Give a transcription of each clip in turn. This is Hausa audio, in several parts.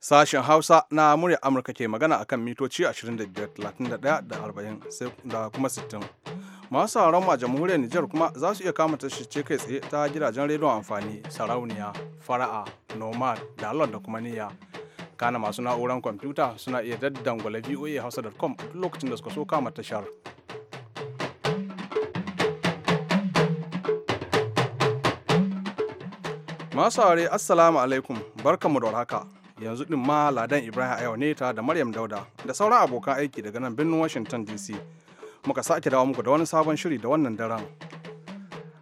Sashen Hausa na murya Amurka ke magana a kan mitoci 25, 31 da kuma 60. Masu sauran ma jamhuriyar Nijar kuma za su iya kama tashoce kai tsaye ta gidajen rediyon amfani, sarauniya, fara'a, nomad, dalon da kuma niyya. Kana masu na'uran kwamfuta suna iya daddangwale voa hausa.com duk lokacin da suka so kama tashar. Masu aure Assalamu alaikum barkanmu da haka. Yanzu din ma Ladan Ibrahim Ayo ne ta da Maryam Dauda da sauran abokan aiki daga nan birnin Washington DC. Muka sake dawo muku da wani sabon shiri da wannan daren.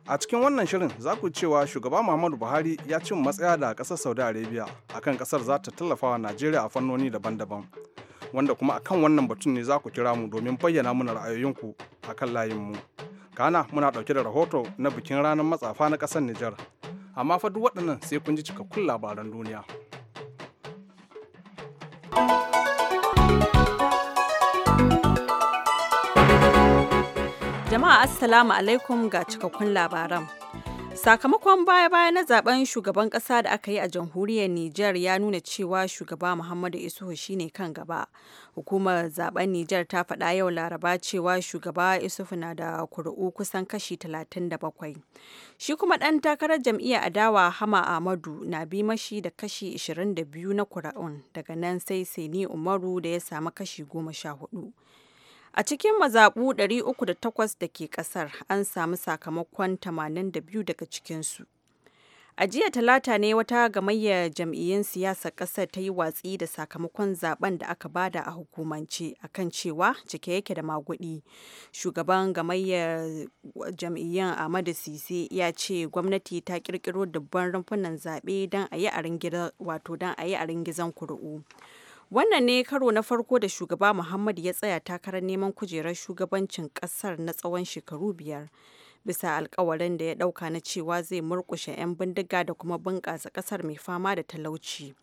A cikin wannan shirin za ku cewa shugaba Muhammadu Buhari ya cin matsaya da ƙasar Saudi Arabia akan ƙasar za ta tallafa wa Najeriya a fannoni daban-daban. Wanda kuma akan wannan batun ne za ku kira mu domin bayyana mana ra'ayoyinku akan layinmu. Kana muna ɗauke da rahoto na bikin ranar matsafa na ƙasar Nijar amma fa duk waɗannan sai kun ji cikakkun labaran duniya. Jama'a Assalamu alaikum ga cikakkun labaran. Sakamakon baya-baya na zaben shugaban kasa da aka yi a jamhuriyar Nijar ya nuna cewa shugaba Muhammadu Isuhu shine kan gaba. Hukumar zaben Nijar ta faɗa yau Laraba cewa shugaba Isuhu na da kuri'u kusan kashi 37. Shi kuma ɗan takarar jam'iyyar adawa Hama Ahmadu na bi mashi da kashi 22 na kuri'un daga nan sai Sani Umaru da ya samu kashi 14. A cikin mazaɓu 308 da ke ƙasar an samu sakamakon 82 daga cikinsu. A jiya talata ne wata gamayyar jam'iyyun siyasar ƙasar ta yi watsi da sakamakon zaben da aka bada a hukumance a kan cewa cike yake da magudi. Shugaban gamayyar jam'iyyun Ahmadu Sise ya ce gwamnati ta kirkiro dubban rumfunan zaɓe don a yi a ringizan kuri'u. Wannan ne karo na farko da shugaba Muhammad ya tsaya takarar neman kujerar shugabancin kasar na tsawon shekaru biyar. Bisa alkawarin da ya dauka na cewa zai murkushe 'yan bindiga da kuma bunƙasa kasar mai fama da talauci.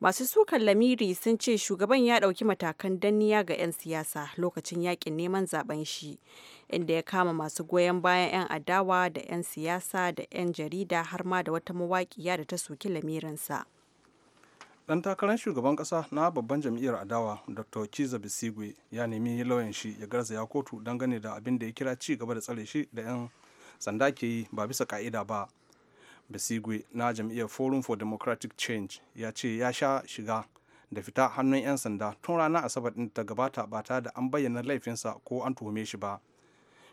Masu sukan lamiri sun ce shugaban ya dauki matakan danniya ga 'yan siyasa lokacin yakin neman zaben shi, inda ya kama masu goyon bayan 'yan adawa da 'yan siyasa da 'yan jarida har ma da wata mawaƙiya da ta soki lamirinsa. dan takarar shugaban kasa na babban jam'iyyar adawa dr chiza bisigwe ya nemi lauyan shi ya garzaya kotu gane da abin da ya kira ci gaba da tsare shi da 'yan sanda ke yi ba bisa ka'ida ba bisigwe na jam'iyyar forum for democratic change ya ce ya sha shiga da fita hannun 'yan sanda tun ranar asabar din ta gabata ba ta da an bayyana laifinsa ko an tuhume shi ba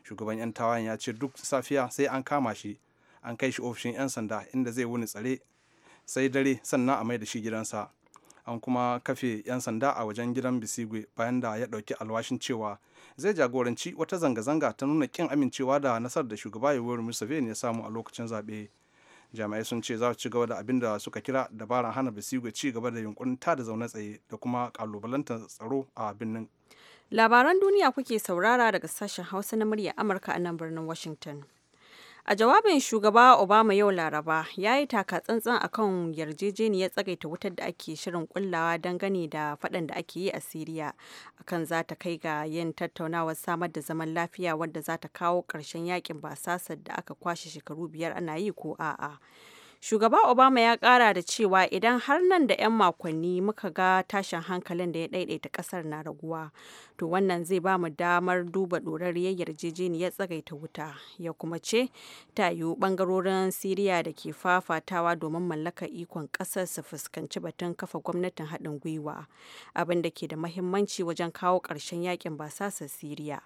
shugaban 'yan tawayen ya ce duk safiya sai an kama shi an kai shi ofishin 'yan sanda inda zai wuni tsare sai dare sannan a mai da shi gidansa an kuma kafe 'yan sanda a wajen gidan bisigwe bayan da ya ɗauki alwashin cewa zai jagoranci wata zanga-zanga ta nuna kin amincewa da nasarar da shugaba yoweri museveni ya samu a lokacin zaɓe jami'ai sun ce za su ci gaba da abin da suka kira dabaran hana bisigwe ci gaba da yunkurin ta da zaune tsaye da kuma kalubalantar tsaro a birnin labaran duniya kuke saurara daga sashen hausa na murya amurka a nan birnin washington A jawabin shugaba Obama yau Laraba, ya yi taka takatsantsan akan yarjejeniyar tsagaita wutar da ake shirin kullawa dangane da faɗan da ake yi a Siriya, akan za ta kai ga yin tattaunawar samar da zaman lafiya wadda za ta kawo ƙarshen yakin basasar da aka kwashe shekaru biyar ana yi ko a'a. Shugaba Obama ya kara da cewa idan har nan da 'yan makonni muka ga tashin hankalin da ya daidaita kasar na raguwa, to wannan zai ba mu damar duba ɗorarriyar yarjejeniyar tsagaita wuta, ya kuma ce ta yiwu ɓangarorin Siriya da ke fafatawa domin mallakar ikon ƙasar su fuskanci batun kafa gwamnatin haɗin gwiwa, abin da ke da mahimmanci wajen kawo ƙarshen yakin basasar Siriya.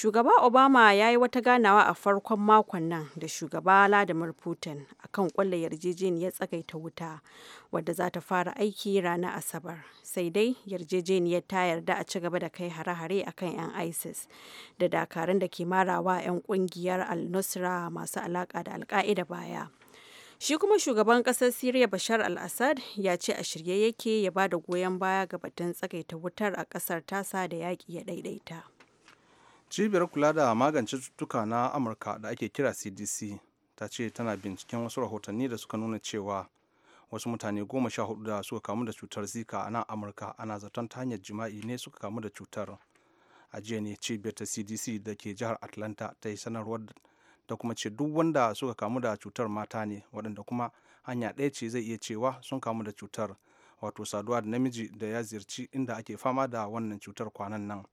Shugaba Obama ya yi wata ganawa a farkon makon nan da shugaba Vladimir Putin a kan kwalla yarjejeniyar tsagaita wuta wadda za ta fara aiki ranar Asabar. Sai dai yarjejeniyar ta yarda a ci gaba da kai hare-hare a kan 'yan ISIS da dakarun da ke marawa 'yan kungiyar Al-Nusra masu alaka da alka'ida baya. Shi kuma shugaban kasar Siriya Bashar al-Assad ya ce a shirye yake ya ba da goyon baya ga batun tsagaita wutar a kasar tasa da yaƙi ya ɗaiɗaita. cibiyar kula da magance cututtuka na amurka da ake kira cdc ta ce tana binciken wasu rahotanni da suka nuna cewa wasu mutane goma sha hudu da suka kamu da cutar zika a nan amurka ana zaton ta hanyar jima'i ne suka kamu da cutar a jiya ne cibiyar ta cdc da ke jihar atlanta ta yi sanarwar da kuma ce duk wanda suka kamu da cutar mata ne waɗanda kuma hanya ɗaya ce zai iya cewa sun kamu da cutar wato saduwa da namiji da ya ziyarci inda ake fama da wannan cutar kwanan nan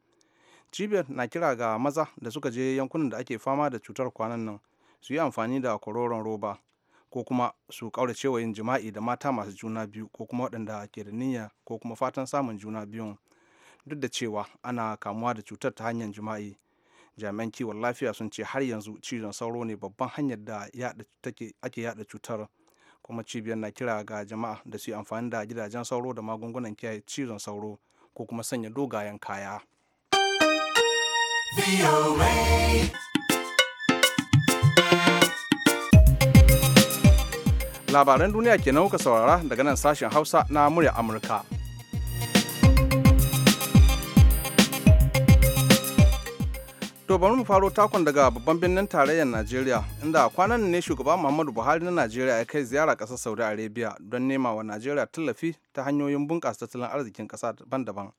cibiyar na kira ga maza da suka je yankunan da ake fama da cutar kwanan nan su yi amfani da kwaroron roba ko kuma su kaurace cewa yin jima'i da mata masu juna biyu ko kuma waɗanda ke da niyya ko kuma fatan samun juna biyun duk da cewa ana kamuwa da cutar ta hanyar jima'i jami'an kiwon lafiya sun ce har yanzu cizon sauro ne babban hanyar da ake yada cutar kuma cibiyar na kira ga jama'a da su yi amfani da gidajen sauro da magungunan kiyaye cizon sauro ko kuma sanya dogayen kaya. Labaran duniya ke kuka saurara daga nan sashen Hausa na murya Amurka. To bari mu faro takon daga babban birnin tarayyar Najeriya inda kwanan ne shugaba Muhammadu Buhari na Najeriya ya kai ziyara ƙasar Saudi Arabia don nema wa Najeriya tallafi ta hanyoyin bunƙasa tattalin arzikin ƙasa daban-daban.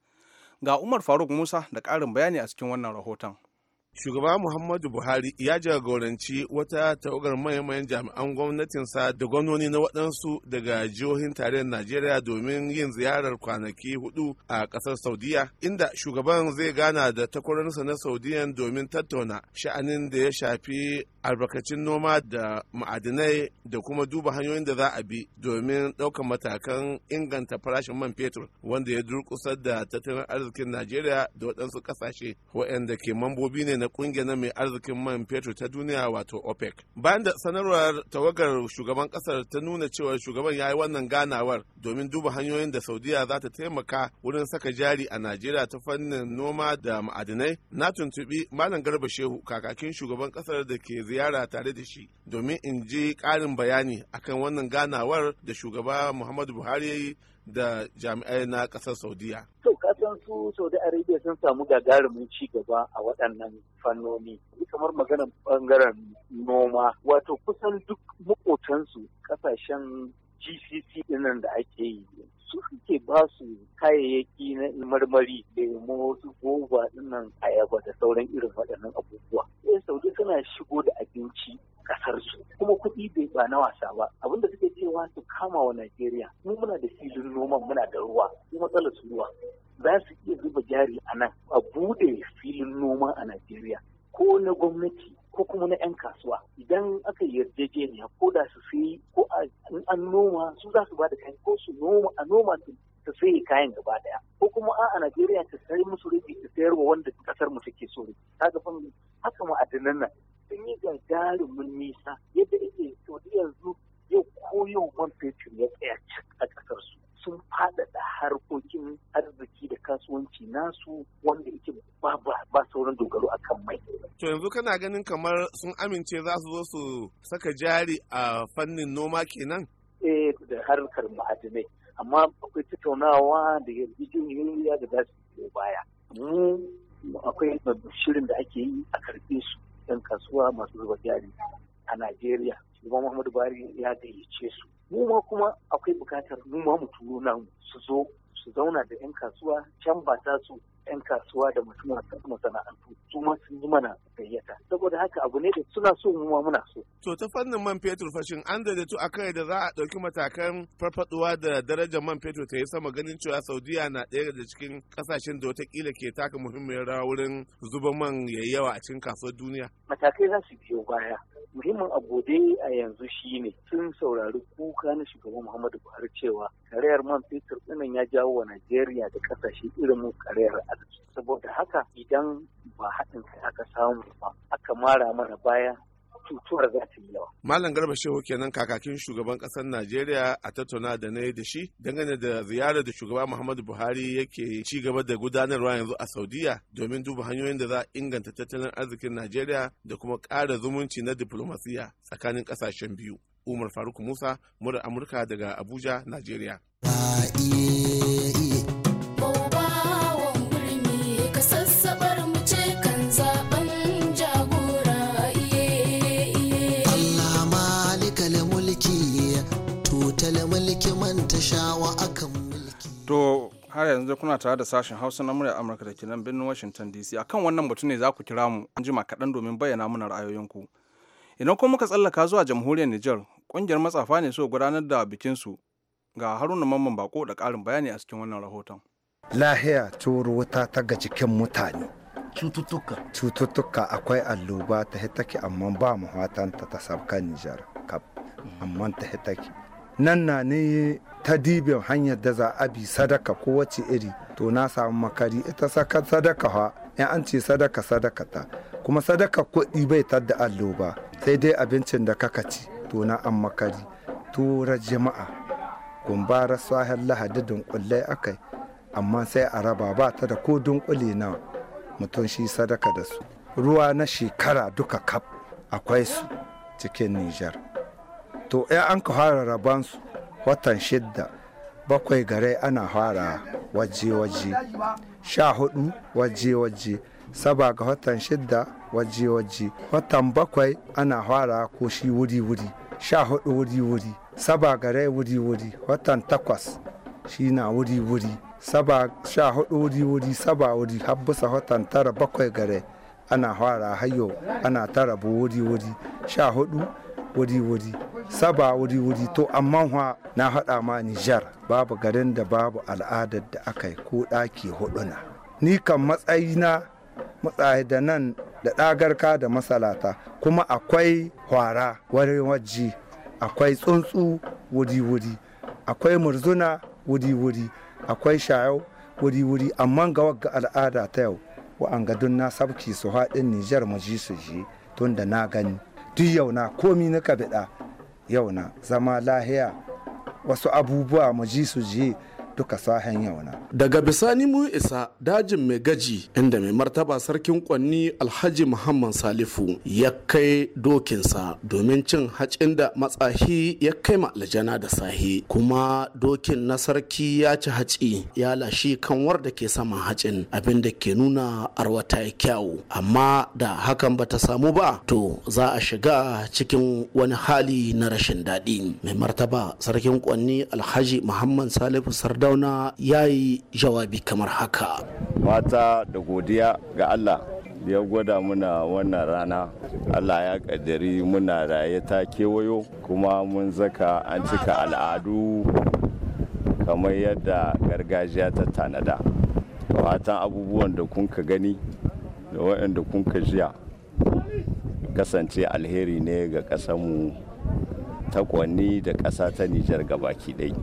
Ga Umar Faruk Musa da ƙarin bayani a cikin wannan rahoton. shugaba muhammadu buhari ya jagoranci wata tawagar mayan jami'an gwamnatinsa da gwamnoni na waɗansu daga jihohin tarayyar najeriya domin yin ziyarar kwanaki hudu a ƙasar saudiya inda shugaban zai gana da takwarorinsa na saudiya domin tattauna sha'anin da ya shafi albarkacin noma da ma'adinai da kuma duba hanyoyin da za a bi domin ɗaukar matakan inganta farashin man fetur wanda ya durkusa da tattalin arzikin najeriya da waɗansu ƙasashe waɗanda ke mambobi ne na ƙungiyar mai arzikin man fetur ta duniya wato opec bayan da sanarwar tawagar shugaban ƙasar ta nuna cewa shugaban ya yi wannan ganawar domin duba hanyoyin da saudiya za ta taimaka wurin saka jari a najeriya ta fannin noma da ma'adinai na tuntuɓi malam garba shehu kakakin shugaban ƙasar da ke ziyara tare da shi domin in ji ƙarin bayani akan wannan ganawar da shugaba Muhammadu Buhari ya yi da jami'ai na ƙasar Saudiya. To kasan su Saudi Arabia sun samu gagarumin ci gaba a waɗannan fannoni. Kamar maganar ɓangaren noma, wato kusan duk makotansu ƙasashen GCC nan da ake yi su suke ba su kayayyaki na marmari lemo su goba dinnan ayaba da sauran irin waɗannan abubuwa. Eh Saudi suna shigo da abinci kasar su kuma kuɗi bai ba na wasa ba abinda suke cewa su kama wa Najeriya mu muna da filin noman muna da ruwa mu matsalar su ruwa za su iya zuba jari a nan a bude filin noma a Najeriya ko na gwamnati ko kuma na 'yan kasuwa idan aka yi yarjejeniya ko da su sai ko an noma su za su ba da kayan ko su noma a noma ta sai kayan gaba daya ko kuma a a Najeriya ta sayar musu rufi ta sayar wa wanda kasar mu take so ga fami haka ma nan sun yi gagarumin nisa yadda ake to yanzu yau ko yau man fetur ya tsaya a kasar su sun faɗaɗa harkokin arziki da kasuwanci nasu wanda yake ba ba sauran dogaro akan mai. To yanzu kana ganin kamar sun amince za su zo su saka jari a fannin noma kenan? Eh da harkar ma'adinai amma akwai tattaunawa da yarjejeniyoyi da za su baya. Mu akwai shirin da ake yi a karfe su 'yan kasuwa masu zuba jari a Najeriya. Shugaban Muhammadu Buhari ya gayyace su mu ma kuma akwai bukatar mu ma mu turo su zo su zauna da 'yan kasuwa can ba ta su 'yan kasuwa da masana'antu su ma sun yi mana gayyata saboda haka abu ne da suna so mu ma muna so. to ta fannin man fetur fashin an daidaitu a kai da za a ɗauki matakan farfaduwa da darajar man fetur ta yi sama ganin cewa saudiya na ɗaya da cikin ƙasashen da watakila ke taka muhimmiyar rawa wurin zuba man yayi yawa a cikin kasuwar duniya. matakai za su biyo baya muhimmin abu dai a yanzu shi ne. sun saurari kuka na shugaban muhammadu buhari cewa karayar man fetur ɗinan ya jawo wa najeriya da ƙasashe irin mu karayar arziki saboda haka idan ba haɗin kai aka samu ba aka mara mana baya cutuwar za ta yi yawa. Malam Garba Shehu kenan kakakin shugaban ƙasar Najeriya a tattauna da na yi da shi dangane da ziyarar da shugaba Muhammadu Buhari yake ci gaba da gudanarwa yanzu a Saudiya domin duba hanyoyin da za a inganta tattalin arzikin Najeriya da kuma ƙara zumunci na diplomasiya tsakanin ƙasashen biyu. Umar Faruk Musa, murar Amurka daga Abuja, Najeriya. har yanzu kuna tare da sashen hausa na murya amurka da ke nan birnin washington dc akan wannan batu ne za ku kira mu an jima kaɗan domin bayyana muna ra'ayoyinku idan kuma muka tsallaka zuwa jamhuriyar niger ƙungiyar matsafa ne so gudanar da bikinsu ga haruna mamman bako da ƙarin bayani a cikin wannan rahoton lahiya turo ta ga cikin mutane cututtuka cututtuka akwai alluba ta hitaki amma ba mu ta ta sabka nijar kap mm. amma ta hitaki nan na ne ta dibin hanyar da za a bi sadaka ko wace iri to na samu makari ita saka sadaka ha in an ce sadaka sadaka ta kuma sadaka kuɗi bai tadda allo ba sai dai abincin da kaka ci to na an makari tura jama'a gumbara sahen lahadi dunkulai akai amma sai a raba ba ta da ko dunkule na mutum shi sadaka da su ruwa na shekara duka kaf akwai su cikin nijar to ya an ka fara rabansu watan shidda bakwai gare ana fara waje-waje sha hudu waje-waje saba ga watan shidda waje-waje watan bakwai ana fara koshi wuri-wuri sha hudu wuri-wuri saba gare wuri-wuri watan takwas shi na wuri-wuri saba sha hudu wuri-wuri saba wuri har bisa watan tara bakwai gare ana fara hayo ana tara wuri-wuri sha hudu wuri-wuri saba wuri-wuri to amma na haɗa ma Nijar babu garin da babu al'adar da aka yi ko ɗaki huduna. Ni kan matsayi na matsayi da nan da ɗagarka da masalata kuma akwai hwara wani waji akwai tsuntsu wuri-wuri akwai murzuna wuri-wuri akwai shayau wuri-wuri amma ga wagga al'ada ta yau wa'angadun na sabki su haɗin Nijar mu ji su je tun da na gani duk yau na komi na kabiɗa yau na zama lahiya wasu abubuwa mu ji su ji duka sahen yau na. Daga bisani mun isa dajin mai gaji inda mai martaba sarkin kwanni Alhaji Muhammad Salifu ya kai dokinsa domin cin hacin da matsahi ya kai ma da sahi kuma dokin na sarki ya ci haci ya lashi kanwar da ke saman hacin abin da ke nuna arwata ya kyawu amma da hakan ba ta samu ba to za a shiga cikin wani hali na rashin daɗi mai martaba sarkin kwanni alhaji muhammad salifu sarda Dauna ya yi jawabi kamar haka. mata da godiya ga Allah ya gwada muna wannan rana allah ya kaddari muna raye ta kewayo kuma mun zaka an cika al'adu kamar yadda gargajiya ta tanada fatan abubuwan da kunka gani da waɗanda kunka jiya kasance alheri ne ga ƙasanmu ta da ƙasa ta nijar gabaki ɗaya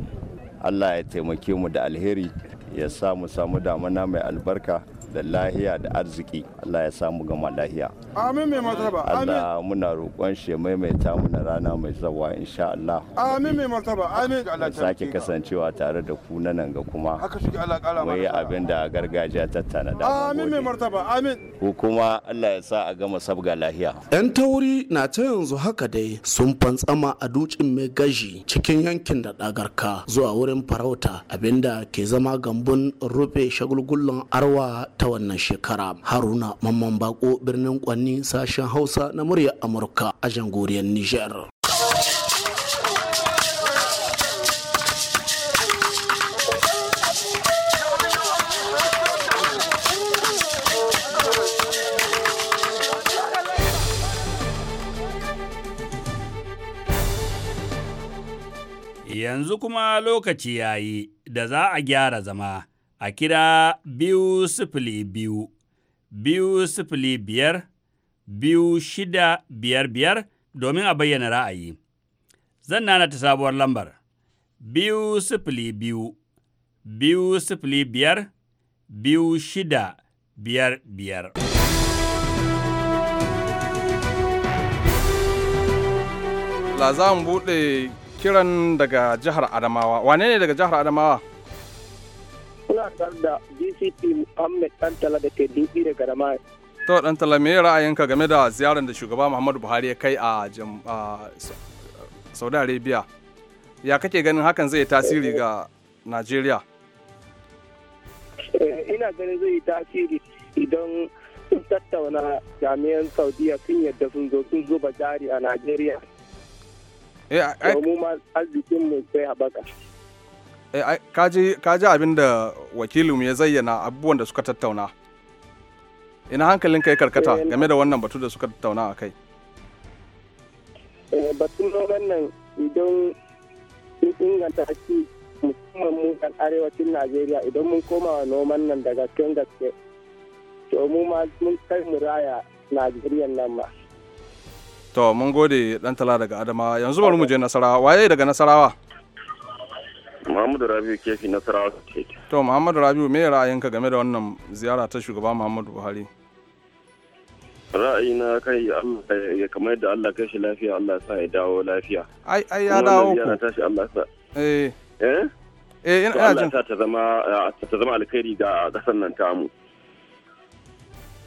allah ya taimake mu da alheri ya sa mu samu damana mai albarka da lahiya da arziki Allah ya samu gama lahiya amin mai martaba Allah muna roƙon shi maimaita muna rana mai zawa insha Allah amin mai martaba amin Allah ta sake kasancewa tare da ku na nan ga kuma haka shi Allah kala mai abin da gargajiya ta da amin mai martaba amin ku kuma Allah ya sa a gama sabga lahiya yan tauri na ta yanzu haka dai sun fantsama a dukin mai gaji cikin yankin da dagarka zuwa wurin farauta abinda ke zama gambun rufe shagulgullon arwa ta ta wannan shekara haruna mamman bako birnin kwanni sashen hausa na muryar amurka a jangoriyar niger yanzu kuma lokaci yayi da za a gyara zama a kira biyu sifili biyu, biyu sifili biyar, biyu shida biyar biyar domin a bayyana ra'ayi. Zan nana ta sabuwar lambar, biyu sifili biyu, biyu sifili biyar, biyu shida biyar biyar. La za buɗe kiran daga jihar Adamawa. Wane ne daga jihar Adamawa? a tare da DCP Muhammad tantala da ke dubi da garama. To Dantala me ra'ayinka game da ziyarar da shugaba Muhammadu Buhari ya kai a Saudi Arabia? Ya kake ganin hakan zai tasiri ga Najeriya? Eh, ina ganin zai tasiri idan sun tattauna jami'an Saudiya sun yadda sun zo sun zuba jari a Najeriya. Eh, domin mu ma arzikin mu sai haɓaka. Eh, ka ji abin da wakilin ya zayyana abubuwan da suka tattauna ina hankalin kai karkata eh, game da wannan batu da suka tattauna a kai eh, batun noman nan idan inganta haƙƙi musamman mu kan arewacin najeriya idan mun koma wa noman nan da gasken gaske to mu ma mun kai mu raya najeriya nan ma to mun gode dan tala daga adama yanzu bari mu je nasarawa waye daga nasarawa Muhammadu Rabiu kefi Nasarawa State. To Muhammadu Rabiu me ra'ayinka game da wannan ziyara ta shugaba Muhammadu Buhari? Ra'ayina kai ya kamar yadda Allah kai shi lafiya Allah sa ya dawo lafiya. Ai ai ya dawo ku. Kuma tashi Allah sa. Eh. Eh? Eh ina jin. Allah ta zama ta zama alkhairi ga kasar nan tamu.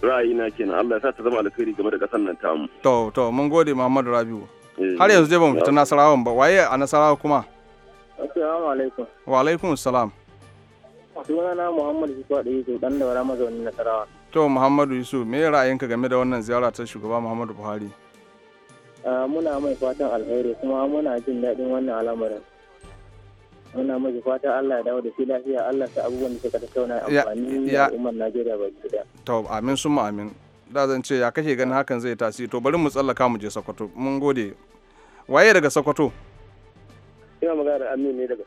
Ra'ayina kenan Allah sa ta zama alkhairi game da kasar nan tamu. To to mun gode Muhammadu Rabiu. Eh. Har yanzu dai ba mu fita Nasarawan ba waye a Nasarawa kuma? Assalamu alaikum. Wa alaikum salam. Sunana muhammadu Yusuf da Yusuf dan da wara mazaunin Nasarawa. To Muhammadu Yusuf me ra'ayinka game da wannan ziyara ta shugaba Muhammadu Buhari? muna mai fatan alheri kuma muna jin daɗin wannan al'amarin. Muna mai fatan Allah ya dawo da shi lafiya Allah ta abubuwan da suka tattauna amfani da umar Najeriya ba da. To amin sun amin. Da zan ce ya kake ganin hakan zai tasiri to bari mu tsallaka mu je Sokoto. Mun gode. Waye daga Sokoto? Kina magana da Aminu ne daga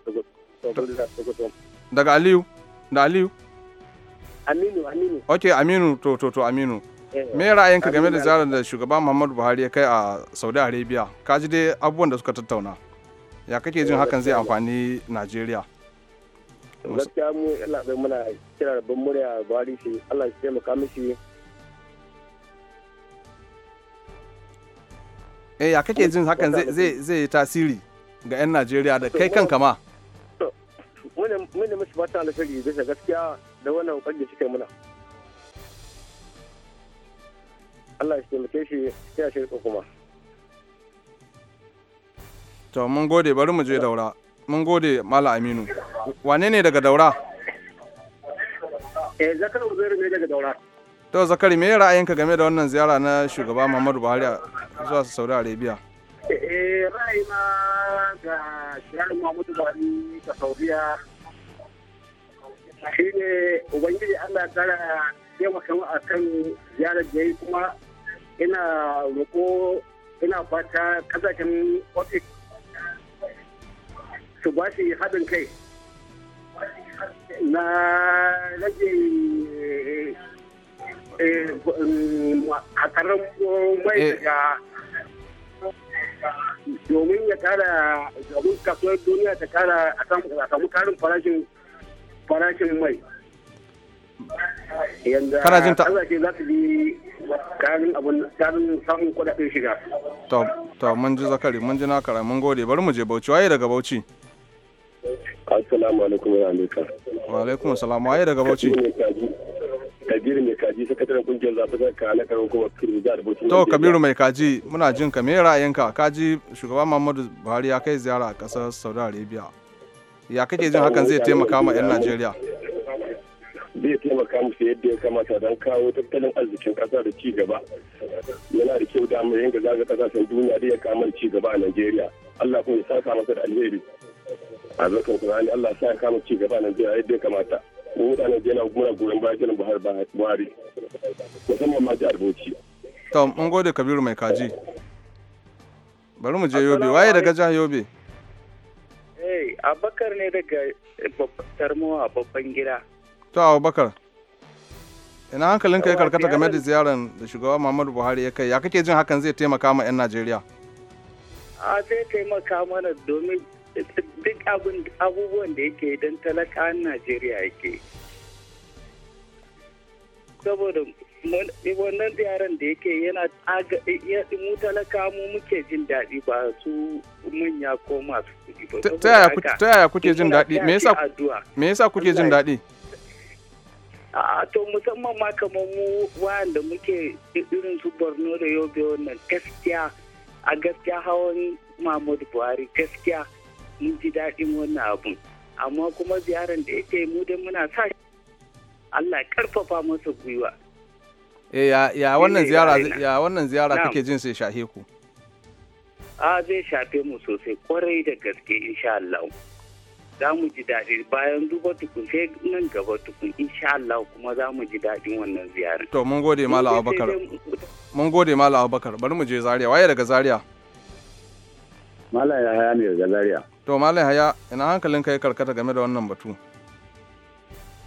Sokoto. Daga Aliyu? Da Aliyu? Aminu, Aminu. Ok, Aminu, to, to, to, Aminu. Eh, eh. Me ra'ayinka game da ziyarar da shugaban Muhammadu Buhari ya kai a Saudi Arabia? Ka ji dai abubuwan da suka tattauna. Ya kake jin eh, hakan zai amfani Najeriya? Gaskiya mu Allah bai muna kira da ban murya Buhari shi Allah shi ya muka mishi eh ya kake jin hakan zai zai tasiri ga 'yan najeriya da kai kanka ma alheri gaskiya da wannan Allah ya taimake shi ya kuma to mun gode bari mu je daura mun gode mala aminu wane ne daga daura eh zakar ne daga daura to zakari me ra'ayinka game da wannan ziyara na shugaba muhammadu buhari zuwa saudi arabia Eh ra'ayina ga shirar Muhammadu Buhari ta Saudiya shi ne Ubangiji Allah tara taimaka a kan ziyarar da yi kuma ina roƙo ina fata kasashen OPEC su ba shi haɗin kai na rage eh, eh, eh, hakarar mai daga domin ya kara domin kasuwar duniya ta kara a samu karin farashin farashin mai yanda farashin ta za su bi karin abun karin samun kudaden shiga to to mun ji zakari mun ji na kara mun gode bari mu je Bauchi waye daga Bauchi Assalamu alaikum wa alaikum. Wa alaikum assalam waye daga Bauchi. kabiru mai kaji sakataren kungiyar zaɓe ta na karon kuma kiri jihar to kabiru mai kaji muna jin ka me ra'ayinka kaji shugaban muhammadu buhari ya kai ziyara a ƙasar saudi arabia ya kake jin hakan zai taimaka ma 'yan najeriya zai taimaka musu yadda ya kamata don kawo tattalin arzikin ƙasa da ci gaba yana da kyau da yanka yanga zaga kasashen duniya da ya kama ci gaba a najeriya allah kuma ya sa masa da alheri a zakan kurani allah sa ya kama ci gaba a najeriya yadda ya kamata mu mutanen jela muna goyon bayan jiran buhari musamman ma jihar bauchi to mun gode kabiru mai kaji bari mu je yobe waye daga jihar yobe eh abakar ne daga tarmowa babban gida to abakar ina ka ya karkata game da ziyarar da shugaba muhammadu buhari ya kai ya kake jin hakan zai taimaka ma 'yan najeriya a zai taimaka mana domin duk abubuwan da yake don talaka najeriya yake saboda wannan yaran da yake yana mu talaka mu muke jin daɗi ba su manya ko masu ba ta yaya kuke jin daɗi me yasa kuke jin daɗi a to musamman ma kamar mu da muke irin su borno da yobe wannan gaskiya a gaskiya hawan mahmud buhari gaskiya mun ji daɗin wannan abun amma kuma ziyaran da yake mu dai muna sa Allah karfafa masa gwiwa eh ya ya wannan ziyara ya wannan ziyara kake jin sai shahe ku a zai shafe mu sosai kwarai da gaske insha Allah za mu ji daɗi bayan duba tukun sai nan gaba tukun insha Allah kuma za mu ji daɗin wannan ziyara to mun gode malam Abubakar mun gode malam Abubakar bari mu je Zaria waye daga Zaria Malam Yahaya ne daga Zaria. To Malam Yahaya ina hankalin kai karkata game da wannan batu.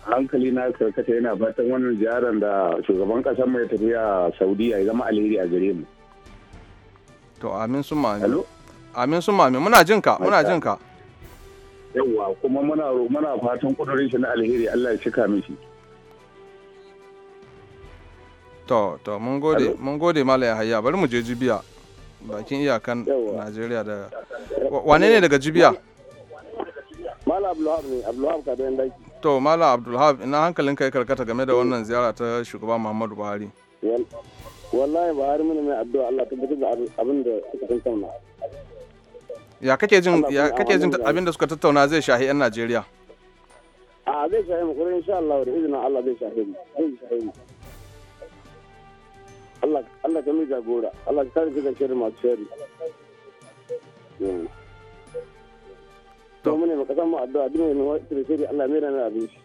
Hankali na karkata yana fatan wannan ziyarar da shugaban kasar mai tafiya Saudiya ya zama alheri a gare mu. To amin sun mami. Halo? Amin sun mami muna jin ka muna jin ka. Yawwa kuma muna muna fatan kudurin shi na alheri Allah ya cika mishi. To to mun gode mun gode Malam Yahaya bari mu je jibiya. bakin iyakan najeriya da wane ne daga jibiya mala abdulhab ne abdulhab ka da daki to mala abdulhab ina hankalin kai karkata game da wannan ziyara ta shugaba muhammadu buhari wallahi buhari muna mai addu'a allah ta da abin da suka tattauna ya kake jin ya kake jin abin da suka tattauna zai shahi yan najeriya a zai shahi mu kuma insha allah da izinin allah zai shahi zai shahi mu Allah ka mai jagora Allah ka kare kasance da masu shari to mune ne baka samu addu'a duk mai nawa shari Allah mai rana abin shi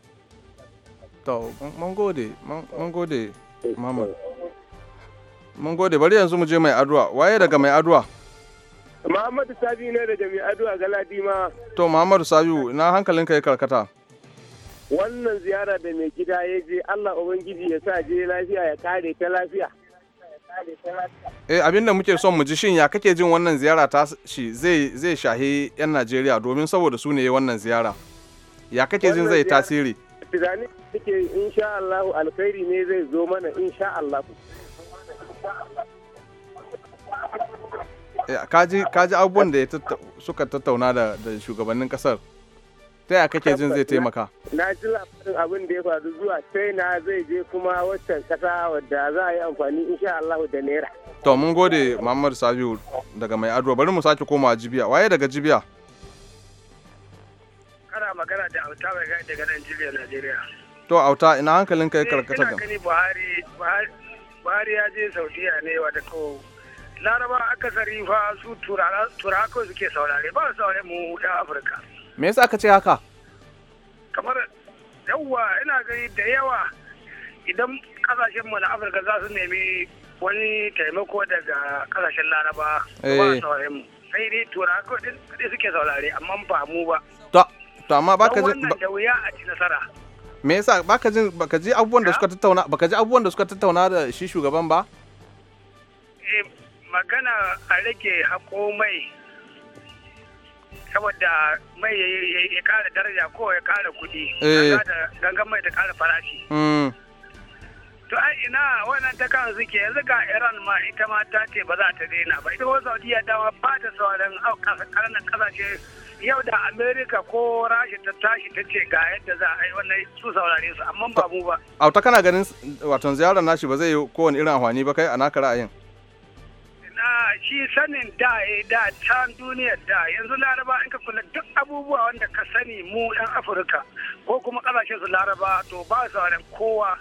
to mun gode mun gode eh, mama eh. mun gode bari yanzu mu je mai addu'a waye daga mai addu'a Muhammadu Sabi ne da mai addu'a Galadima to Muhammadu Sabi na hankalinka ya karkata wannan ziyara da mai gida ya je Allah Ubangiji ya sa je lafiya ya kare ta lafiya eh abin da muke son mu ji shin ya kake jin wannan ziyara ta shi zai zai shahi yan Najeriya domin saboda su ne wannan ziyara ya kake jin zai tasiri Tizani suke insha Allah alkhairi ne zai zo mana insha Allah eh, kaji kaji abubuwan da suka tattauna da shugabannin kasar ta yaya kake jin zai taimaka na ji labarin abin da ya faru zuwa china zai je kuma waccan kasa wadda za a yi amfani insha allahu da naira to mun gode muhammad sabiu daga mai ado bari mu sake komawa jibiya waye daga jibiya kana magana da auta mai gani daga nan jibiya najeriya to auta ina hankalin kai karkata eh, ga ina buhari buhari ya je saudiya ne wata ko laraba aka sarifa su turakon suke saurare ba su saurare mu da afirka me yasa aka ce haka kamar yawa ina gani da yawa idan kasashen mu na afirka za su nemi wani taimako daga kasashen laraba ba eh. saurin mu sai dai tura kawai suke saurare amma ba mu ba to amma baka jin da wuya a ci nasara me yasa baka ji baka ji abubuwan da suka tattauna baka ji abubuwan da suka tattauna da shi shugaban ba eh magana a rage hako mai saboda mai ya kara daraja ko ya kara kudi eh. gangan mai da kara farashi mm. to ai ina wannan ta kan suke yanzu ga iran ma ita ma ta ce ba za ta daina ba ita ko saudiya dama ba ta sauran karnan kasashe yau da america ko rashi ta tashi ta ce ga yadda za a yi wannan su saurare su amma ba mu ba auta kana ganin wato ziyarar nashi ba zai yi kowane irin ahwani ba kai a naka ra'ayin shi sanin da eh, da can duniyar da yanzu laraba an ka kula duk abubuwa wanda ka sani mu yan afirka ko kuma kasashen su laraba to ba su sauran kowa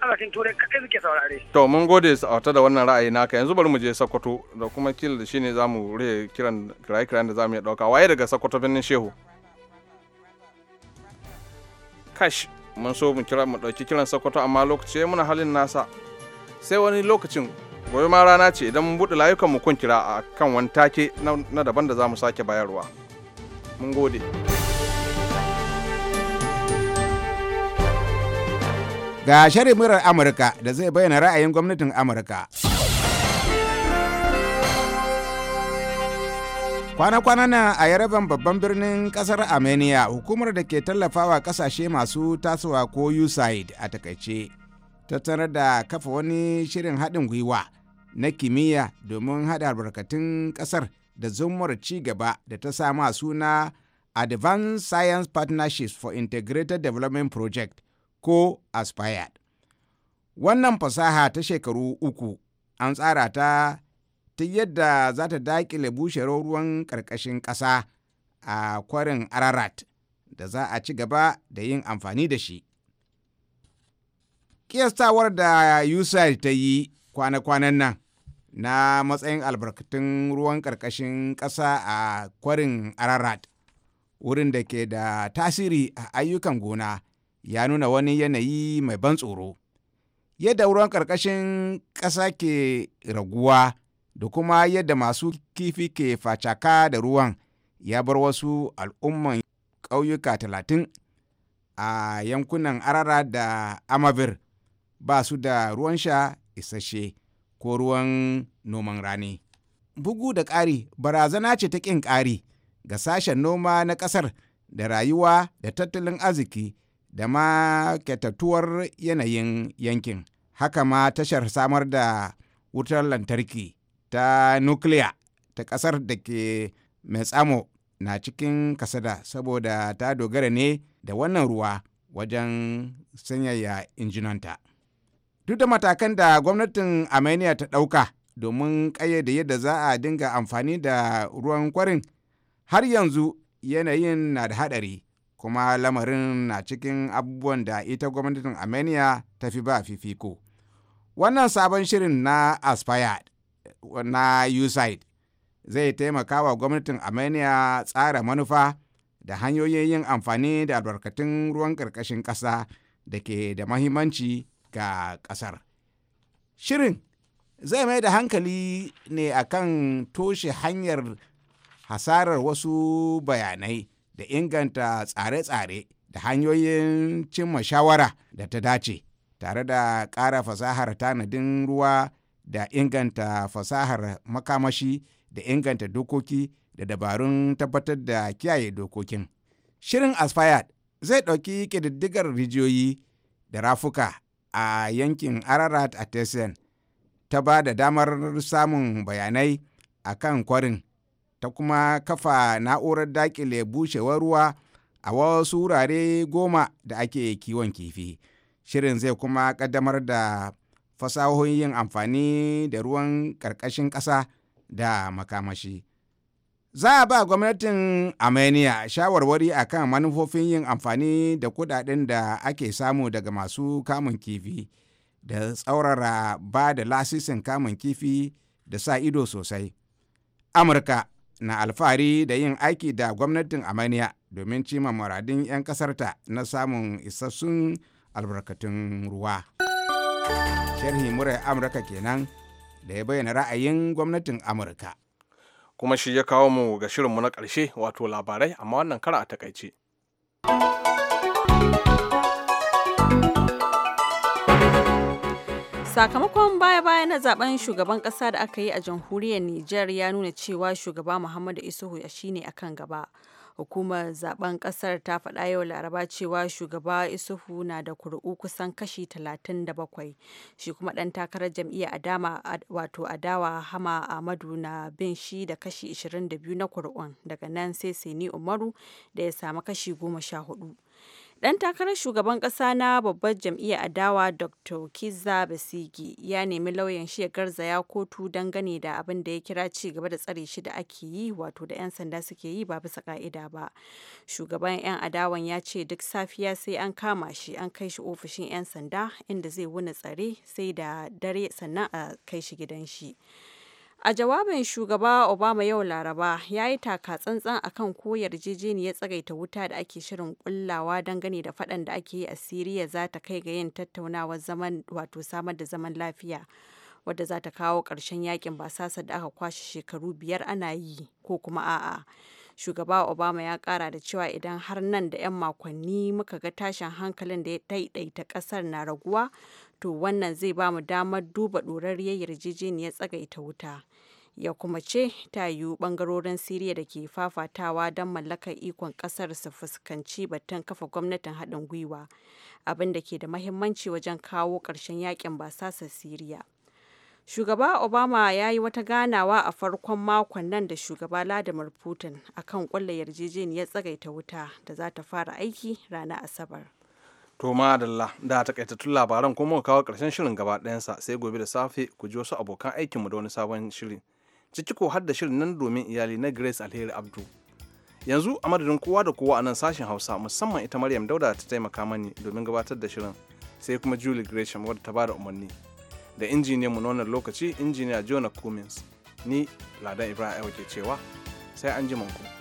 kasashen turai kaɗai suke saurare. to mun gode sauta da wannan ra'ayi naka yanzu bari mu je sokoto da kuma kil da shine zamu rage kiran kiran da zamu iya dauka waye daga sokoto birnin shehu. kash mun so mu kira mu dauki kiran sokoto amma lokaci muna halin nasa sai wani lokacin gobe ma rana ce idan mun buɗe layukanmu kun kira a kan wani take na daban da za mu sake bayarwa mun gode ga shirin murar amurka da zai bayyana ra'ayin gwamnatin amurka kwana-kwana na a yaraban babban birnin kasar armenia hukumar da ke tallafawa kasashe masu tasowa ko usaid a takaice ta da kafa wani shirin haɗin gwiwa na kimiyya domin haɗa albarkatun ƙasar da zumar ci gaba da ta sama suna Advanced Science Partnerships for Integrated Development Project ko aspired Wannan fasaha ta shekaru uku an tsara ta ta yadda za ta daƙile bushewar ruwan ƙarƙashin ƙasa a kwarin Ararat da za a ci gaba da yin amfani da shi. ƙiyastawar da USAID ta yi kwana-kwanan nan na matsayin albarkatun ruwan ƙarƙashin ƙasa a kwarin ararat wurin da ke da tasiri a ayyukan gona ya nuna wani yanayi mai ban tsoro yadda ruwan ƙarƙashin ƙasa ke raguwa da kuma yadda masu kifi ke facaka da ruwan ya bar wasu al'umman ƙauyuka talatin a yankunan ararat da amavir ba su da ruwan sha isasshe ko ruwan noman rani. Bugu da ƙari barazana ce ta ƙin ƙari ga sashen noma na ƙasar da rayuwa da tattalin arziki da ma ketatuwar yanayin yankin. Haka ma tashar samar da wutar lantarki ta nukiliya ta ƙasar da ke Metsamo na cikin kasada saboda ta dogara ne da wannan ruwa wajen sanyaya injinanta. duk da matakan da gwamnatin armenia ta ɗauka domin ƙayyade yadda za a dinga amfani da ruwan kwarin har yanzu yanayin na da haɗari kuma lamarin na cikin abubuwan da ita gwamnatin armenia ta fi ba fifiko wannan sabon shirin na aspired na usaid zai taimaka wa gwamnatin armenia tsara manufa da hanyoyin yin amfani da albarkatun ruwan ƙarƙashin ƙasa da ke da mahimmanci ga kasar Shirin zai mai da hankali ne akan toshe hanyar hasarar wasu bayanai da inganta tsare-tsare da hanyoyin cimma shawara da ta dace tare da ƙara fasahar tanadin ruwa da inganta fasahar makamashi da inganta dokoki da dabarun tabbatar da kiyaye dokokin. Shirin aspired zai ɗauki ƙididdigar rijiyoyi da rafuka a yankin ararat a tessen ta ba da damar samun bayanai a kan kwarin ta kuma kafa na'urar dakile bushewar ruwa a wasu wurare goma da ake kiwon kifi shirin zai kuma kaddamar da fasahohin yin amfani da ruwan ƙarƙashin ƙasa da makamashi za a ba gwamnatin armenia shawarwari a kan manufofin yin amfani da kudaden da ake samu daga masu kamun kifi da tsaurara ba da lasisin kamun kifi da sa ido sosai amurka na alfahari da yin aiki da gwamnatin armenia domin cima muradin 'yan kasarta na samun isassun albarkatun ruwa sharhi murai amurka kenan da ya bayyana ra'ayin gwamnatin amurka kuma shi ya kawo mu ga shirinmu na ƙarshe wato labarai amma wannan kara a takaice. sakamakon baya-baya na zaben shugaban kasa da aka yi a jamhuriyar niger ya nuna cewa shugaba muhammadu isuhu shine akan gaba Hukumar zaben kasar ta faɗa yau Laraba cewa shugaba isufu na da kuri'u kusan kashi 37, shi kuma ɗan takarar jam'iyyar Adama wato Adawa Hama Ahmadu na bin shi da kashi 22 na kuri'un, daga nan sai Sani Umaru da ya samu kashi 14. Dan takarar shugaban kasa na babbar jam'iyyar adawa Dr. Kizza Besigye ya nemi lauyan shi ya garzaya kotu dangane da abin da ya kira ci gaba da tsare shi da ake yi wato da 'yan sanda suke yi ba bisa ka'ida ba. Shugaban 'yan adawan ya ce duk safiya sai an kama shi an kai shi ofishin 'yan sanda inda zai wuni tsare sai da dare sannan a kai shi gidan shi. A jawabin Shugaba Obama yau Laraba, ya yi taka-tsantsan a kan ko yarjejeniyar tsagaita wuta da ake shirin kullawa dangane da faɗan da ake yi a Siriya za ta kai ga yin tattaunawar zaman wato samar da zaman lafiya, wadda za ta kawo ƙarshen yakin basasar da aka kwashe shekaru biyar ana yi, ko kuma a'a. Shugaba Obama ya kara da cewa idan har nan da 'yan makonni muka ga tashin hankalin da ya daidaita ƙasar na raguwa, to wannan zai ba mu damar duba ɗorarriyar yarjejeniyar tsagaita wuta ya kuma ce ta yiwu ɓangarorin siriya da ke fafatawa don mallakar ikon ƙasar su fuskanci batun kafa gwamnatin haɗin gwiwa abin da ke da mahimmanci wajen kawo ƙarshen yakin basasa siriya shugaba obama ya yi wata ganawa a farkon makon nan da shugaba ladimar putin akan ƙulla yarjejeniyar tsagaita wuta da za ta fara aiki ranar asabar To madalla da takaitattun labaran kuma kawo karshen shirin gaba sa sai gobe da safe ku ji wasu abokan aikinmu da wani sabon shirin. Ciki ko har da shirin nan domin iyali na Grace Alheri Abdu. Yanzu a madadin kowa da kowa a nan sashen Hausa musamman ita Maryam Dauda ta taimaka mani domin gabatar da shirin sai kuma Julie Gresham wadda ta bada umarni. Da injiniyan mu na wannan lokaci injiniya Jonah Cummins ni Ladan Ibrahim ke cewa sai an ji ku.